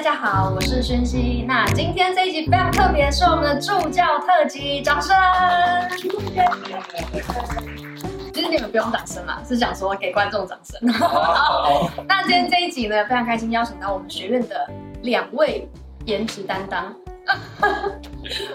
大家好，我是薰希。那今天這一集非常特別，是我們的助教特輯，掌聲！其實你們不用掌聲嘛，是想說給觀眾掌聲。好好 那今天這一集呢，非常開心邀請到我們學院的兩位顏值擔當，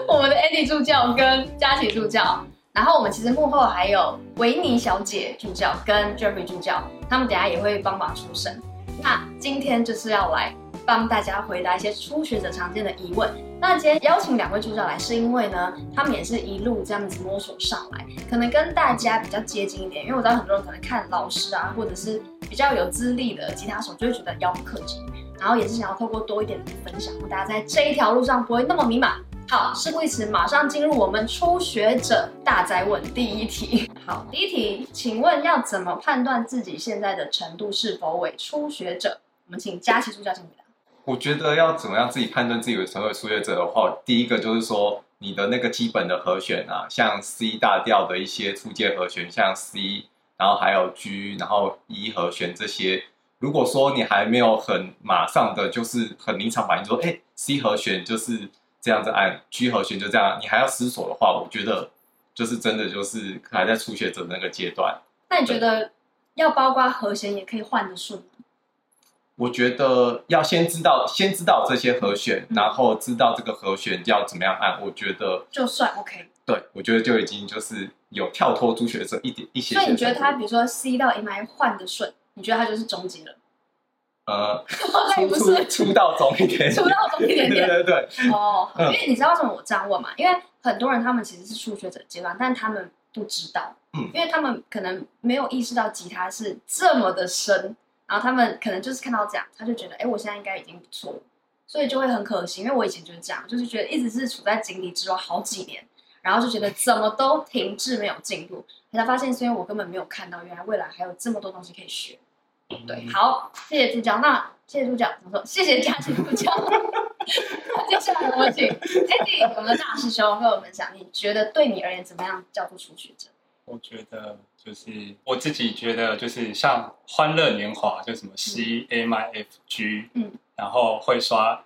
我們的 Andy 助教跟佳琪助教。然後我們其實幕後還有維尼小姐助教跟 Jerry 助教，他們等下也會幫忙出聲。那今天就是要來。幫大家回答一些初學者常見的疑問。那今天邀請兩位助教來，是因為呢，他們也是一路這樣子摸索上來，可能跟大家比較接近一點。因為我知道很多人可能看老師啊，或者是比較有資歷的吉他手，就會覺得遙不可及。然後也是想要透過多一點的分享，讓大家在這一條路上不會那麼迷茫。好，事不宜遲，馬上進入我們初學者大哉問第一題。好，第一題，請問要怎麼判斷自己現在的程度是否為初學者？我們請佳琪助教先回答。我覺得要怎麼樣自己判斷自己成為初學者的話，第一個就是說你的那個基本的和弦啊，像 C 大調的一些初階和弦，像 C，然後還有 G，然後 E 和弦這些，如果說你還沒有很馬上的就是很臨場反應就說，哎，C 和弦就是這樣子按，按 G 和弦就這樣，你還要思索的話，我覺得就是真的就是還在初學者的那個階段。那你覺得要包括和弦也可以換的順嗎。我覺得要先知道，先知道這些和弦，嗯、然後知道這個和弦要怎麼樣按。我覺得就算 OK，對我覺得就已經就是有跳脫初學者一點一些。所以你覺得他比如說 C 到 MI 換的順，你覺得他就是中級的？呃，不是初到中一點，初到中一點點，對對對。哦，嗯、因為你知道為什麼我這樣問嘛？因為很多人他們其實是初學者階段，但他們不知道，嗯，因為他們可能沒有意識到吉他是這麼的深。然後他們可能就是看到這樣，他就覺得，哎，我現在應該已經不錯，所以就會很可惜，因為我以前就是這樣，就是覺得一直是處在井底之蛙好幾年，然後就覺得怎麼都停滯沒有進步，他發現雖然我根本沒有看到，原來未來還有這麼多東西可以學。對，好，謝謝助教，那謝謝助教怎麼說？謝謝家庭助教。謝謝 接下來我們請嘉慶我們的大師兄為我們講，你覺得對你而言怎麼樣叫做初學者？我覺得就是我自己覺得就是像《歡樂年華》就什麼 C A M I F G，嗯，然後會刷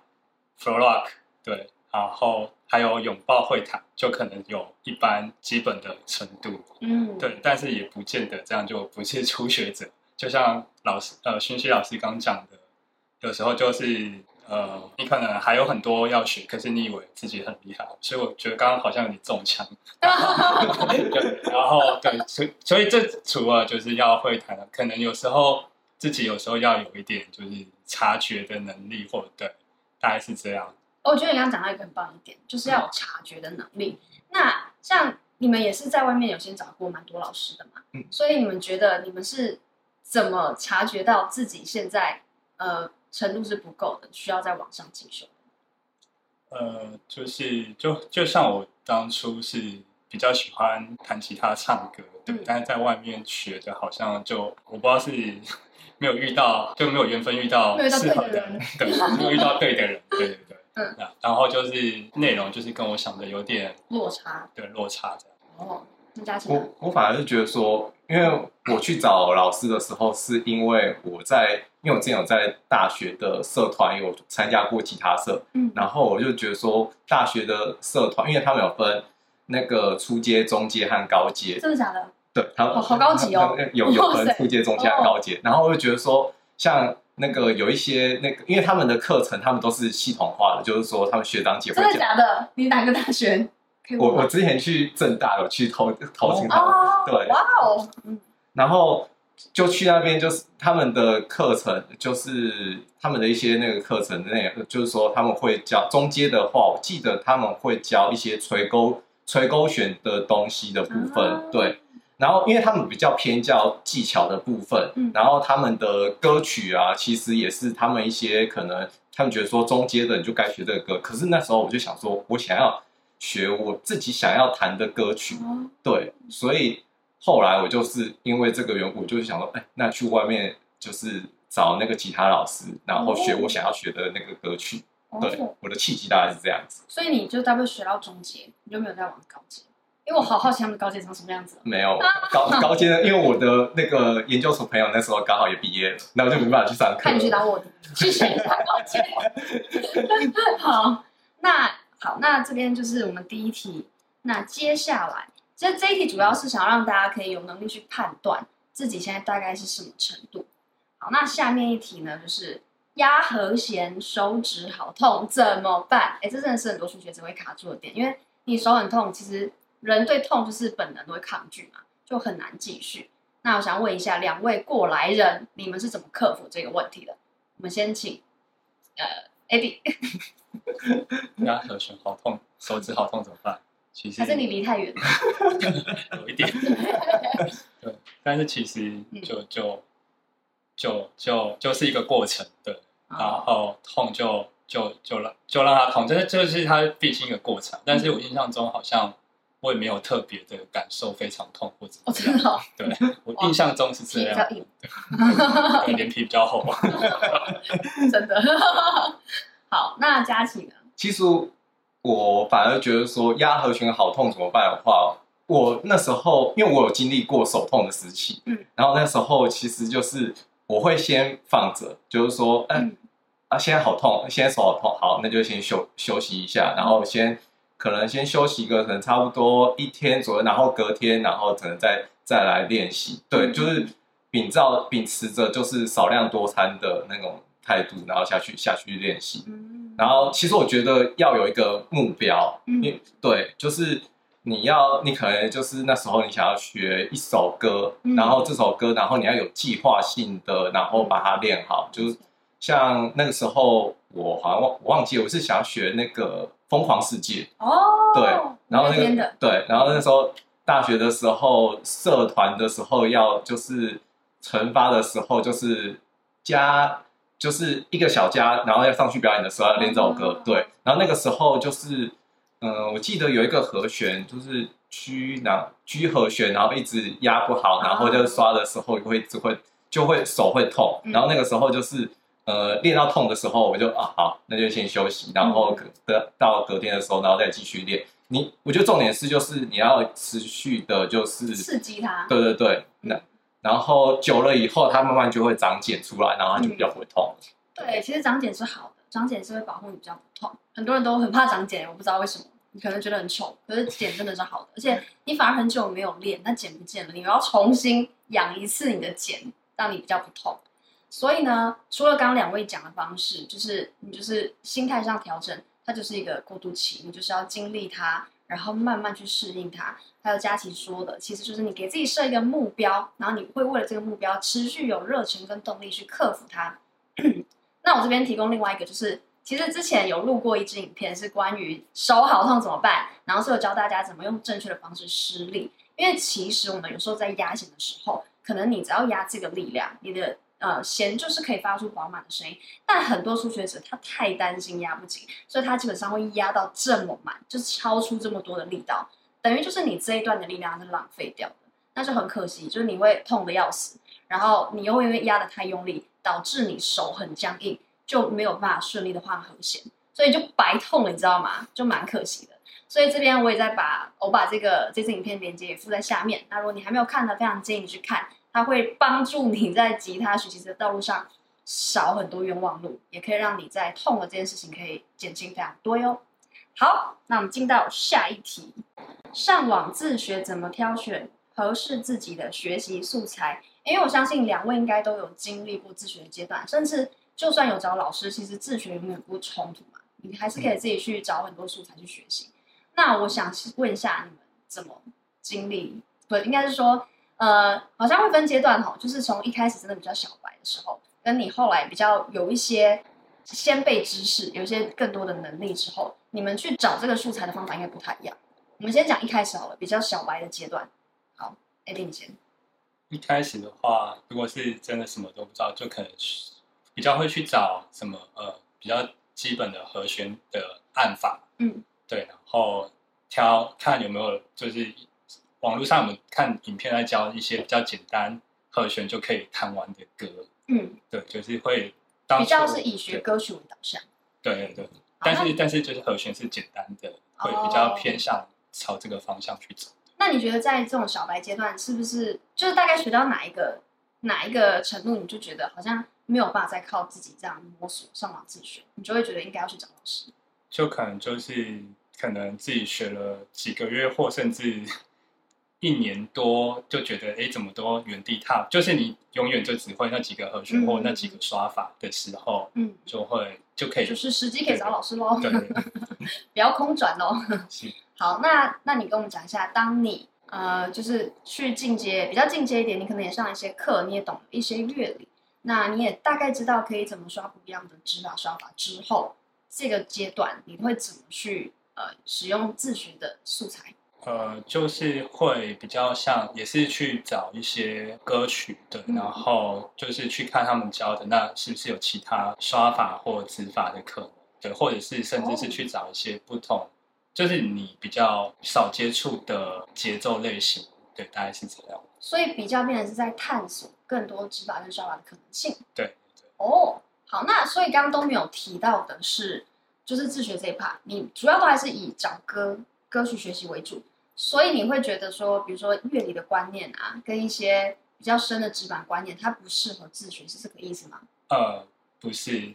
Folk Rock，對，然後還有擁抱會彈，就可能有一般基本的程度，嗯，對，但是也不見得這樣就不是初學者，就像老師呃，薰希老師剛講的，有時候就是。呃、嗯，你可能還有很多要學，可是你以為自己很厲害，所以我覺得剛剛好像你中槍。 對，然後對，所以所以這除了就是要會彈，可能有時候自己有時候要有一點就是察覺的能力，或者對，大概是這樣。哦，我覺得你剛剛講到一個很棒一點，就是要有察覺的能力。嗯、那像你們也是在外面有先找過蠻多老師的嘛，嗯、所以你們覺得你們是怎麼察覺到自己現在呃？程度是不夠的，需要再往上進修。呃，就是就就像我當初是比較喜歡彈吉他、唱歌，對，嗯、但是在外面學的，好像就我不知道是沒有遇到，就沒有緣分遇到適合的，遇到對的人，對 沒有遇到對的人，對對對，嗯、然後就是內容就是跟我想的有點落差，對落差這樣。哦、我我反而是覺得說。因為我去找老師的時候，是因為我在，因為我之前有在大學的社團有參加過吉他社，嗯，然後我就覺得說大學的社團，因為他們有分那個初階、中階和高階，真的假的？對，他們好，好高級哦，有有分初階、中階和高階，哦，然後我就覺得說，像那個有一些那個，因為他們的課程，他們都是系統化的，就是說他們學長姐會講的。真的假的？你哪個大學？我我之前去政大有去投投錢，oh, wow. 對，然後就去那邊，就是他們的課程，就是他們的一些那個課程內、那個，就是說他們會教中階的話，我記得他們會教一些垂鈎垂鈎弦的東西的部分，uh huh. 對。然後因為他們比較偏教技巧的部分，uh huh. 然後他們的歌曲啊，其實也是他們一些可能他們覺得說中階的你就該學這個歌，可是那時候我就想說，我想要。學我自己想要彈的歌曲，哦、對，所以後來我就是因為這個緣故，我就是想說，哎、欸，那去外面就是找那個吉他老師，然後學我想要學的那個歌曲，哦、對，我的契機大概是這樣子。哦、所以你就大概學到中級，你就沒有再往高級？因為我好好奇他們高級長什麼樣子、啊嗯。沒有高高級，因為我的那個研究所朋友那時候剛好也畢業了，那我就沒辦法去上。看你去打我的，謝謝。 好，那。好，那這邊就是我們第一題。那接下來，其實這一題主要是想讓大家可以有能力去判斷自己現在大概是什麼程度。好，那下面一題呢，就是壓和弦手指好痛怎麼辦？哎、欸，這真的是很多初學者會卡住的點，因為你手很痛，其實人對痛就是本能都會抗拒嘛，就很難繼續。那我想問一下兩位過來人，你們是怎麼克服這個問題的？我們先請呃 a b 那和弦好痛，手指好痛，怎麼辦？其實還是你離太遠了， 有一點。 對，但是其實就就就就，就是一個過程，對。嗯、然後痛就就就，就讓就讓它痛，這的就是它必經的一個過程。嗯、但是我印象中好像我也沒有特別的感受非常痛或者，哦哦、對我印象中是這樣，臉皮， 皮比較厚。 真的。 好，那佳琪呢？其實我反而覺得說壓和弦好痛怎麼辦的話，我那時候因為我有經歷過手痛的時期，嗯，然後那時候其實就是我會先放着，就是說，嗯啊，現在好痛，現在手好痛，好，那就先休休息一下，嗯、然後先可能先休息一個，可能差不多一天左右，然後隔天，然後可能再再來練習，對，嗯、就是秉照秉持着就是少量多餐的那種。態度，然後下去下去練習。嗯、然後其實我覺得要有一個目標，嗯、因為，對，就是你要，你可能就是那時候你想要學一首歌，嗯、然後這首歌，然後你要有計劃性的，然後把它練好。嗯、就是像那個時候，我好像忘我忘記了，我是想要學那個《瘋狂世界》哦，對，然後那個那對，然後那時候大學的時候，社團的時候要就是懲罰的時候就是加。嗯就是一個小家，然後要上去表演的時候要練這首歌，嗯、對。然後那個時候就是，嗯、呃，我記得有一個和弦，就是 G 那 G 和弦，然後一直壓不好，啊、然後就刷的時候會就會就會手會痛。然後那個時候就是，嗯、呃，練到痛的時候我就啊好，那就先休息。然後隔到隔天的時候，然後再繼續練。你我覺得重點是就是你要持續的，就是刺激它。他對對對，那。然後久了以後，它慢慢就會長繭出來，然後它就比較不會痛。嗯，對，其實長繭是好的，長繭是會保護你，比較不痛。很多人都很怕長繭，我不知道為什麼，你可能覺得很醜，可是繭真的是好的，而且你反而很久沒有練，那繭不見了，你要重新養一次你的繭，讓你比較不痛。所以呢，除了剛剛兩位講的方式，就是你就是心態上調整，它就是一個過渡期，你就是要經歷它。然後慢慢去適應它。還有佳琪說的，其實就是你給自己設一個目標，然後你會為了這個目標持續有熱情跟動力去克服它。 那我這邊提供另外一個，就是其實之前有錄過一支影片，是關於手好痛怎麼辦，然後是有教大家怎麼用正確的方式施力，因為其實我們有時候在壓弦的時候，可能你只要壓這個力量，你的。呃，絃就是可以發出飽滿的聲音，但很多初學者他太擔心壓不緊，所以他基本上會壓到這麼滿，就超出這麼多的力道，等於就是你這一段的力量是浪費掉的，那就很可惜，就是你會痛得要死，然後你又因為壓得太用力，導致你手很僵硬，就沒有辦法順利的換和絃，所以就白痛了，你知道嗎？就蠻可惜的。所以這邊我也在把，我把這個這支影片鏈接也附在下面。那如果你還沒有看的，非常建議你去看。它會幫助你在吉他學習的道路上少很多冤枉路，也可以讓你在痛的這件事情可以減輕非常多喲、哦。好，那我們進到下一題，上網自學怎麼挑選合適自己的學習素材？因為我相信兩位應該都有經歷過自學的階段，甚至就算有找老師，其實自學永遠不衝突嘛，你還是可以自己去找很多素材去學習。嗯、那我想問一下你們怎麼經歷？對，應該是說。呃，好像會分階段哈，就是從一開始真的比較小白的時候，跟你後來比較有一些先備知識，有一些更多的能力之後，你們去找這個素材的方法應該不太一樣。我們先講一開始好了，比較小白的階段。好，Adin 先。一開始的話，如果是真的什麼都不知道，就可能比較會去找什麼呃比較基本的和弦的按法。嗯，對，然後挑看有沒有就是。網絡上我們看影片，來教一些比較簡單和弦就可以彈完的歌，嗯，對，就是會當比較是以學歌曲為導向，對對對，對對好但是那但是就是和弦是簡單的，哦，會比較偏向朝這個方向去走。那你覺得在這種小白階段，是不是就是大概學到哪一個哪一個程度，你就覺得好像沒有辦法再靠自己這樣摸索上網自學，你就會覺得應該要去找老師？就可能就是可能自己學了幾個月，或甚至。一年多就覺得哎，怎麼都原地踏，就是你永遠就只會那幾個和弦或那幾個刷法的時候，嗯、就會就可以、嗯，就是時機可以找老師嘍，對對 不要空轉嘍。是好，那那你跟我們講一下，當你呃就是去進階比較進階一點，你可能也上一些課，你也懂一些樂理，那你也大概知道可以怎麼刷不一樣的指法刷法之後，這個階段你會怎麼去呃使用自學的素材？呃，就是會比較像，也是去找一些歌曲的，嗯、然後就是去看他們教的，那是不是有其他刷法或指法的可能？對，或者是甚至是去找一些不同，哦、就是你比較少接觸的節奏類型，對，大概是這樣。所以比較變的是在探索更多指法跟刷法的可能性。對對。哦，好，那所以剛剛都沒有提到的是，就是自學這一 part，你主要都還是以找歌歌曲學習為主。所以你會覺得說，比如說樂理的觀念啊，跟一些比較深的指板觀念，它不適合自學，是這個意思嗎？呃，不是，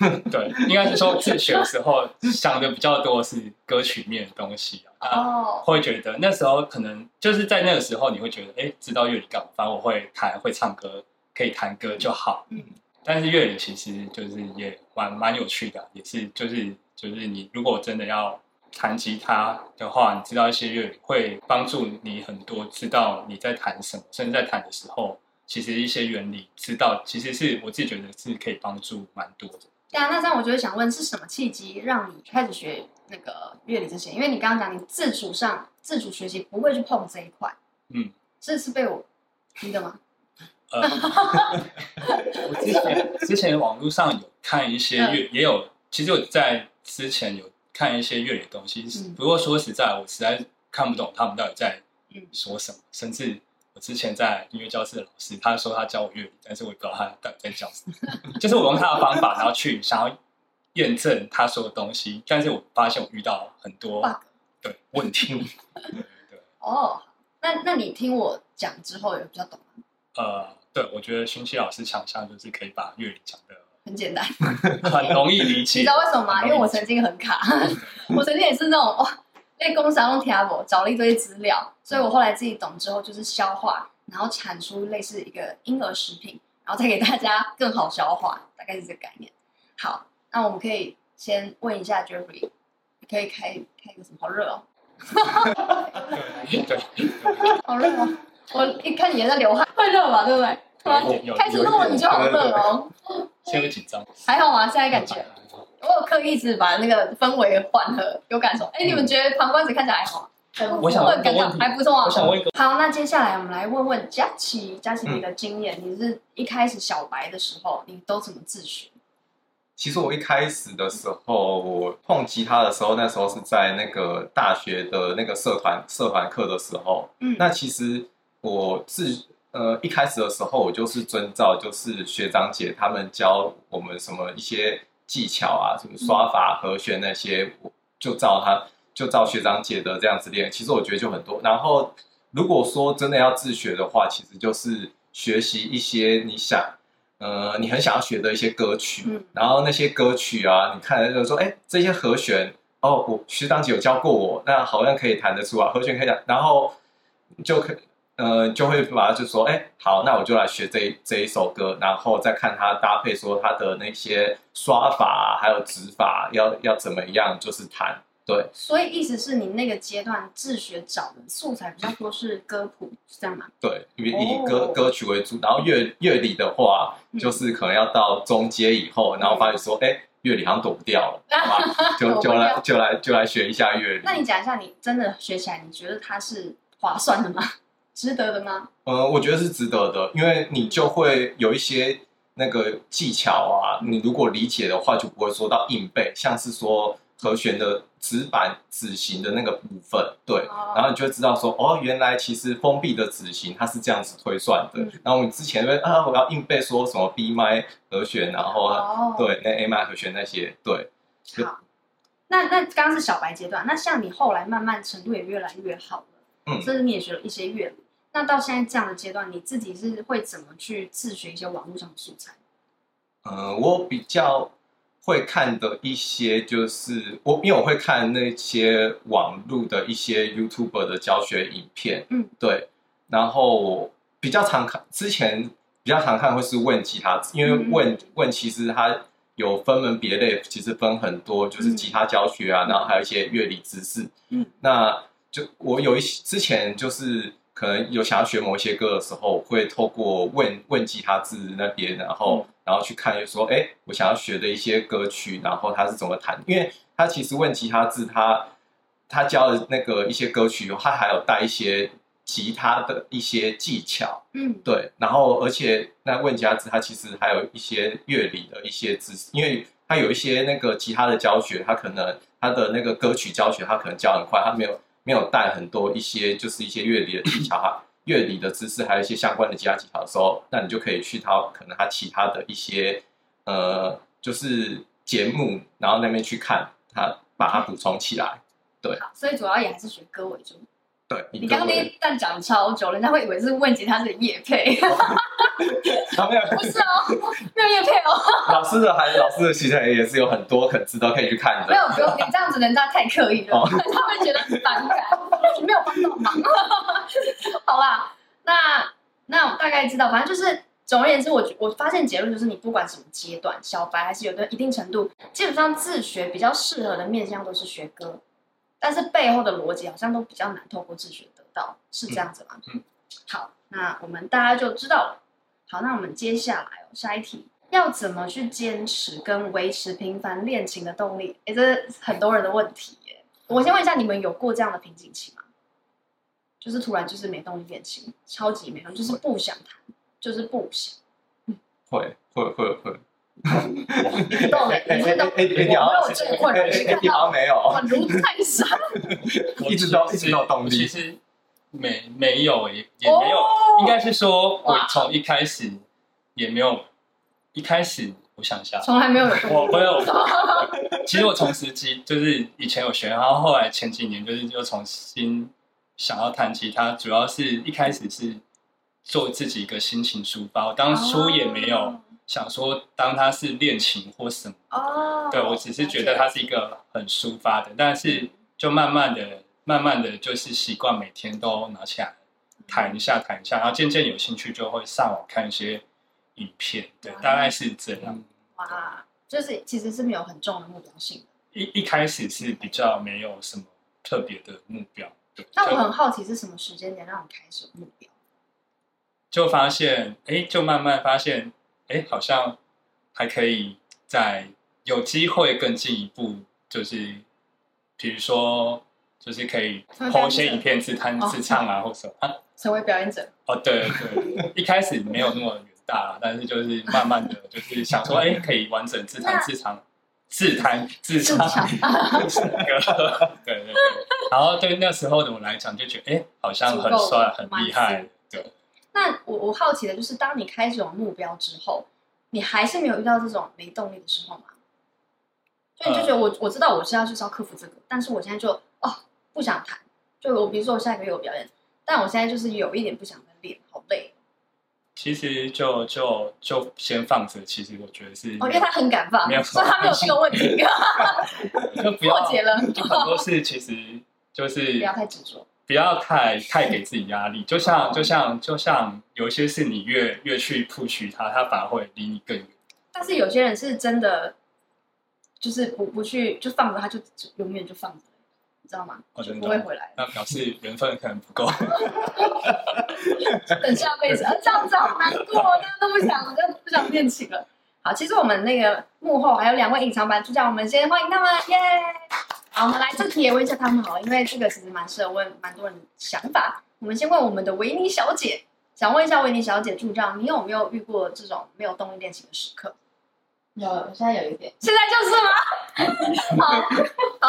呃、 對，應該是說自學的時候想的比較多是歌曲面的東西啊， 會覺得那時候可能就是在那個時候你會覺得，哎，知道樂理幹嘛？反正我會彈，會唱歌，可以彈歌就好。嗯，但是樂理其實就是也蠻蠻有趣的、啊，也是就是就是你如果真的要。彈吉他的話，你知道一些樂理會幫助你很多，知道你在彈什麼，甚至在彈的時候，其實一些原理知道，其實是我自己覺得是可以幫助蠻多的。對啊，那這樣我就是想問，是什麼契機讓你開始學那個樂理這些？因為你剛剛講你自主上自主學習，不會去碰這一塊。嗯，這是被我聽的嗎？哈哈哈，我之前之前網絡上有看一些樂，嗯、也有，其實我在之前有。看一些樂理的東西，不過、嗯、說實在，我實在看不懂他們到底在說什麼。嗯、甚至我之前在音樂教室的老師，他說他教我樂理，但是我也不知道他到底在教什麼。 就是我用他的方法，然後去想要驗證他說的東西，但是我發現我遇到很多 bug，爸對，問題。 對哦，對 oh, 那那你聽我講之後有比較懂嗎、啊？呃，對，我覺得薰希老師強項就是可以把樂理講的。很簡單，okay. 很容易理解。你知道為什麼嗎？因為我曾經很卡， 我曾經也是那種哇，被工商用 table 找了一堆資料，所以我後來自己懂之後就是消化，然後產出類似一個嬰兒食品，然後再給大家更好消化，大概是這個概念。好，那我們可以先問一下 Jeffrey，可以開開一個什麼？好熱哦！ 好熱啊！我一看你也在流汗，快熱吧？對不對？突然開始弄了你就好熱哦！ 稍微緊張，還好嗎？現在感覺我有刻意一直把那個氛圍緩和，有感受。哎，你們覺得旁觀者看起來還好？啊？我想，我想問，還不錯。我好，那接下來我們來問問佳琪，佳琪你的經驗，嗯、你是一開始小白的時候，你都怎麼自學？其實我一開始的時候，我碰吉他的時候，那時候是在那個大學的那個社團社團課的時候。嗯，那其實我自。呃，一開始的時候我就是遵照，就是學長姐他們教我們什麼一些技巧啊，什麼刷法、和弦那些，我就照他，就照學長姐的這樣子練。其實我覺得就很多。然後如果說真的要自學的話，其實就是學習一些你想，呃，你很想要學的一些歌曲。然後那些歌曲啊，你看了就是說，哎、欸，這些和弦，哦，我學長姐有教過我，那好像可以彈得出啊，和弦可以彈，然後就可以。嗯、呃，就會把它就說，哎，好，那我就來學這這一首歌，然後再看它搭配，說它的那些刷法還有指法要要怎麼樣，就是彈對。所以意思是你那個階段自學找的素材比較多是歌譜，嗯、是這樣嗎？對，以、哦、以歌歌曲為主，然後樂樂理的話，嗯、就是可能要到中階以後，嗯、然後發現說，哎，樂理好像躲不掉了，好吧？就就來就來就來，就來學一下樂理。 那你講一下，你真的學起來，你覺得它是划算的嗎？值得的嗎？嗯，我覺得是值得的，因為你就會有一些那個技巧啊，你如果理解的話，就不會說到硬背，像是說和弦的指板指型的那個部分，對，哦、然後你就知道說，哦，原來其實封閉的指型它是這樣子推算的。嗯、然後我們之前因為啊，我要硬背說什麼 B、麥和弦，然後、哦、對那 A、麥和弦那些，對。好。那那剛剛是小白階段，那像你後來慢慢程度也越來越好了，嗯，甚至你也學了一些樂理。那到現在這樣的階段，你自己是會怎麼去自學一些網絡上的素材？嗯、呃，我比較會看的一些就是我因為我會看那些網絡的一些 YouTube 的教學影片，嗯，對。然後比較常看，之前比較常看會是問吉他，因為問、嗯、問其實它有分門別類，其實分很多，就是吉他教學啊，嗯、然後還有一些樂理知識。嗯，那就我有一些之前就是。可能有想要學某一些歌的時候，會透過問問吉他字那邊，然後然後去看，就說，哎，我想要學的一些歌曲，然後他是怎麼彈？因為他其實問吉他字，他他教的那個一些歌曲，他還有帶一些其他的一些技巧，嗯，對。然後而且那問吉他字，他其實還有一些樂理的一些知識，因為他有一些那個吉他的教學，他可能他的那個歌曲教學，他可能教很快，他沒有。沒有帶很多一些就是一些樂理的技巧哈，樂理 的知識還有一些相關的其他技巧的時候，那你就可以去他可能他其他的一些呃就是節目，然後那邊去看他把它補充起來。對，所以主要也還是學歌為主。你剛剛那一段講超久，人家會以為是問及他是業配。沒有、哦， 不是哦， 沒有業配哦。老師的子老師的題材也是有很多很值得可以去看的。沒有，不用，你這樣子人家太刻意了，哦、 他會覺得很反感，沒有幫到忙，好吧，那那我大概知道，反正就是總而言之我，我我發現結論就是，你不管什麼階段，小白還是有的，一定程度，基本上自學比較適合的面向都是學歌。但是背後的邏輯好像都比較難透過自學得到，是這樣子嗎？嗯、好，那我們大家就知道了。好，那我們接下來、哦、下一題，要怎麼去堅持跟維持頻繁練琴的動力？也是很多人的問題、嗯、我先問一下，你們有過這樣的瓶頸期嗎？就是突然就是沒動力練琴，超級沒動力會就是不想談，會就是不行、嗯。會，會，會有，會。哈哈，因為到我這麼多人去看到，沒有，很如泰山，一直都一直有動力。其實沒沒有也也沒有，應該是說我從一開始也沒有，一開始我想一下，從來沒有，我哈哈，其實我從實際就是以前有學，然後後來前幾年就是又重新想要彈吉他，主要是一開始是做自己一個心情書包，當初也沒有。想說當他是戀情或什麼，哦、oh，對我只是覺得他是一個很抒發的。嗯、但是就慢慢的，慢慢的就是習慣，每天都拿起來彈一下，彈、嗯、一,一下，然後漸漸有興趣就會上網看一些影片，對，大概 Wow. 是這樣。哇，嗯，對 wow. 就是其實是沒有很重的目標性的。一一開始是比較沒有什麼特別的目標，對。但、嗯、就我很好奇是什麼時間點讓你開始有目標？就發現，哎，就慢慢發現。哎，好像還可以再有機會更進一步，就是比如說，就是可以 PO 些影片自彈自唱啊，或者成為表演者。哦，對對，一開始沒有那麼遠大， 但是就是慢慢的就是想說，哎， 可以完整自彈自唱， 自彈自唱，唱歌。對對，然後對那時候的我來講，就覺得哎，好像很帥，很厲害。那我我好奇的就是，當你開始有目標之後，你還是沒有遇到這種沒動力的時候嗎？所以你就覺得我、呃、我知道我是要去招克服這個，但是我現在就哦不想彈，就我比如說我下一個月有表演，但我現在就是有一點不想練，好累。其實就就就先放着。其實我覺得是，我覺得他很敢放，沒有，所以他沒有這個問題。 就不要糾結了， 很多事其實就是不要太執着。不要太太給自己壓力是就，就像就像就像有些事，你越越去撲取它，它反而會離你更遠。但是有些人是真的，就是不不去就放着它，就永遠就放着，你知道嗎？哦、就不會回來、哦。那表示緣分可能不夠。等下輩子。這樣子好難過，真的 不想，真的不想練琴了。好，其實我們那個幕後還有兩位隱藏版主角，就叫我們先歡迎他們，耶、yeah!！好，我們來這題也問一下他們。好，因為這個其實蠻適合問蠻多人想法。我們先問我們的維尼小姐，想問一下維尼小姐，助教，你有沒有遇過這種沒有動力練琴的時刻？有，現在有一點，現在就是嗎？ 好，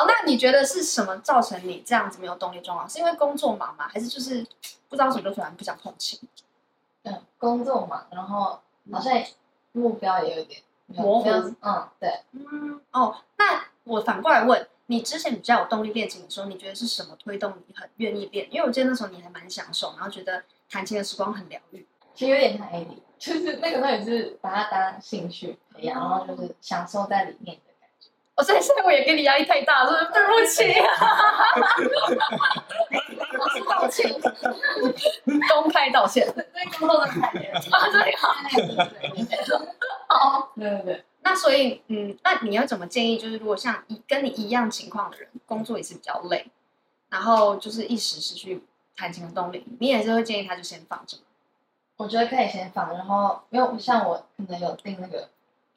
好，那你覺得是什麼造成你這樣子沒有動力狀況？是因為工作忙嗎？還是就是不知道什麼時候突然不想碰琴？嗯，工作忙，然後好像目標也有點模糊。嗯，對，嗯，哦，那我反過來問。你之前比較有動力練琴的時候，你覺得是什麼推動你很願意練？因為我記得那時候你還蠻享受，然後覺得彈琴的時光很療癒。其實有點壓你，就是那個時候也是把它當興趣、嗯、然後就是享受在裡面的感覺。我、哦、所以現在我也給你壓力太大了，就是、對不起、啊。哈哈哈哈哈。我是道歉，公開道歉。最公開公、啊、所以好。好， 對，對對對。那所以，嗯，那你要怎麼建議？就是如果像一跟你一樣情況的人，工作也是比較累，然後就是一時失去彈琴的動力，你也是會建議他就先放着嗎？我覺得可以先放，然後因為像我可能有訂那個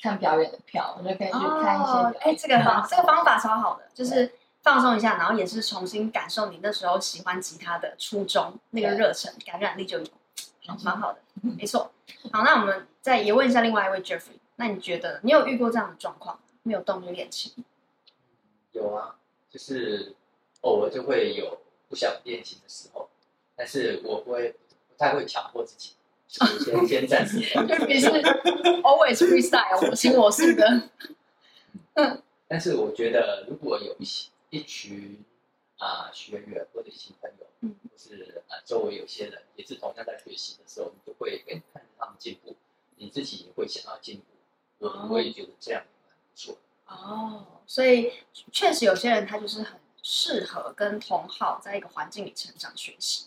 看表演的票，我覺得可以去看一些。哎，oh, okay, 這個方，鬆這個方法超好的，就是放鬆一下，對然後也是重新感受你那時候喜歡吉他的初衷，那個熱忱對感染力就有，好蠻好的， 沒錯。好，那我們再也問一下另外一位 Jeffrey。那你覺得你有遇過這樣的狀況？嗯、沒有動力練琴？有啊，就是偶爾就會有不想練琴的時候，但是我不會不太會強迫自己， 我先先暫時， 就不是 always recite，我行我素的。嗯。 但是我覺得，如果有一些一群啊、呃、學員或者一新朋友，或、嗯就是啊、呃、周圍有些人也是同樣在學習的時候，你就會跟看着他們進步，你自己也會想要進步。我不會就這樣做。哦，所以確實有些人他就是很適合跟同好在一個環境裡成長學習。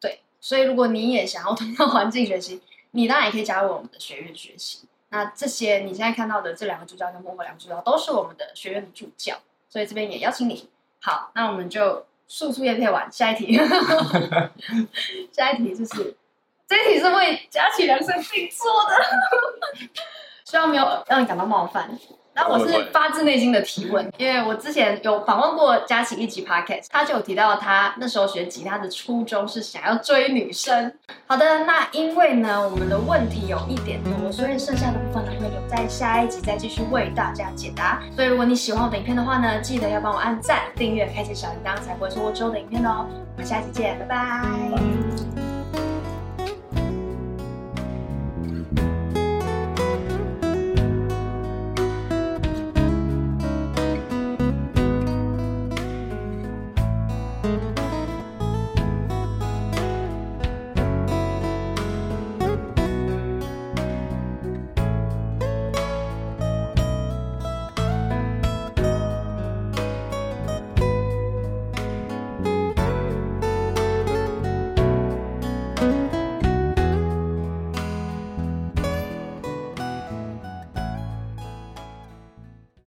對，所以如果你也想要同好環境學習，你當然也可以加入我們的學院學習。那這些你現在看到的這兩個助教跟幕後兩個助教都是我們的學院的助教，所以這邊也邀請你。好，那我們就速速驗配完下一題， 下一題就是 這一題是為佳琪量身定做的。 雖然沒有讓你、嗯、感到冒犯，那我是發自內心的提問，因為我之前有訪問過嘉琪一集 podcast 他就有提到他那時候學吉他的初衷是想要追女生。好的，那因為呢我們的問題有一點多，所以剩下的部分呢會留在下一集再繼續為大家解答。所以如果你喜歡我的影片的話呢，記得要幫我按讚、訂閱、開啟小鈴鐺，才不會錯過之後的影片哦。我們下期見，拜拜。